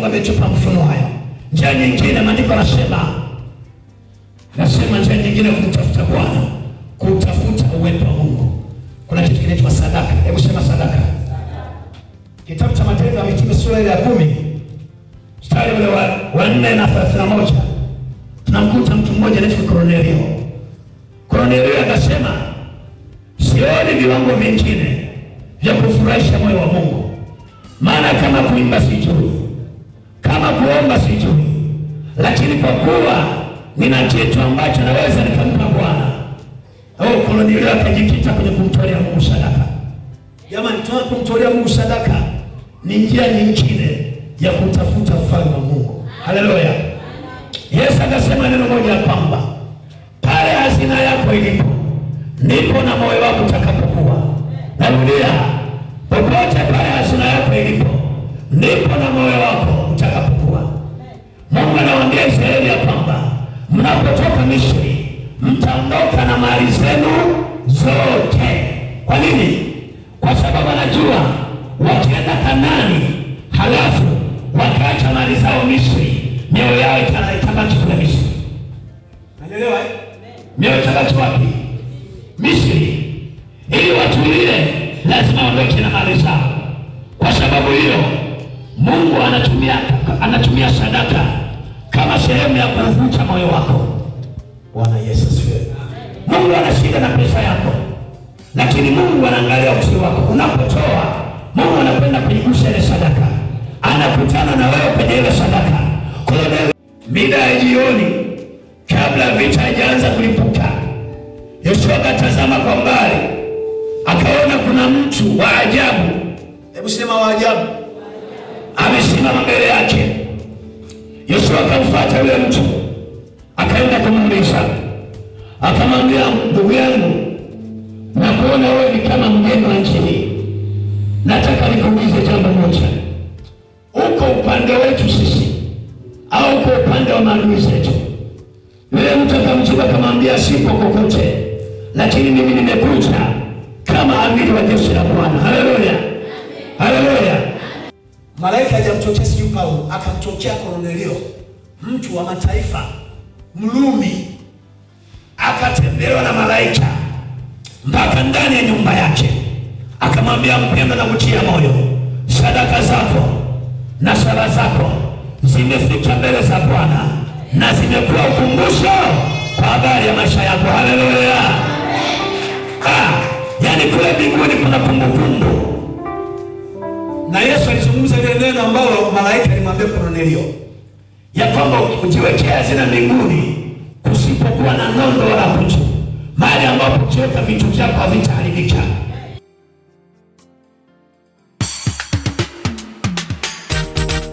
Mungu ametupa mfano hayo. Njia nyingine maandiko anasema nasema njia nyingine kumtafuta Bwana, kutafuta uwepo wa Mungu. Kuna kitu kinaitwa sadaka. Hebu sema sadaka. Kitabu cha Matendo ya Mitume sura ya kumi mstari ule wa nne na thelathini na moja tunamkuta mtu mmoja anaitwa Kornelio. Kornelio akasema sioni viwango vingine vya kufurahisha moyo wa Mungu, maana kama kuimba sijui kama kuomba sijui, lakini kwa kuwa nina kitu ambacho naweza nikampa Bwana. Au Kornelio akajikita kwenye kumtolea Mungu sadaka. Jamani, toa kumtolea Mungu sadaka ni njia nyingine ya kutafuta ufalme wa Mungu. Haleluya! Yesu akasema neno moja kwamba pale hazina yako ilipo ndipo na moyo wako utakapokuwa. Narudia, popote pale hazina yako ilipo ndipo na moyo wako habari zenu zote. Kwa nini? Kwa sababu anajua wakienda Kanani halafu wakaacha mali zao Misri, mioyo yao itabaki kule Misri. Unaelewa? eh? Mioyo itabaki wapi? Misri. Ili watulie, lazima waondoke na mali zao. Kwa sababu hiyo Mungu anatumia anatumia sadaka kama sehemu ya kuvuta moyo wako. Bwana Yesu asifiwe. Mungu ana shida na pesa yako, lakini Mungu anaangalia utii wako. Unapotoa, Mungu anakwenda kuigusa ile sadaka, anakutana na wewe kwenye ile sadaka. Kwa hiyo mida ya jioni, kabla vita haijaanza kulipuka, Yesu akatazama kwa mbali, akaona kuna mtu wa ajabu. Hebu sema wa ajabu, amesimama mbele yake. Yesu akamfuata yule mtu, akaenda kumuuliza akamwambia ndugu yangu, nakuona wewe ni kama mgeni wa nchi hii. Nataka nikuulize jambo moja, uko upande wetu sisi au uko upande wa maadui zetu? Yule mtu akamjibu akamwambia, sipo kokote, lakini mimi nimekuja kama amiri wa jeshi la Bwana. Haleluya, haleluya. Malaika hajamtokea sijui Paulo, akamtokea Kornelio, mtu wa mataifa Mrumi akatembelewa na malaika mpaka ndani ya nyumba yake, akamwambia mpenda na kutia moyo, sadaka zako na sala zako zimefika mbele za Bwana na zimekuwa ukumbusho kwa habari ya maisha yako. Haleluya! Ah, yani kule mbinguni kuna kumbukumbu na Yesu alizungumza ile neno ambalo malaika alimwambia Kornelio ya kwamba ujiwekea hazina mbinguni kusipokuwa na nondo wala kutu, mahali ambapo ukiweka vitu vyako havitaharibika.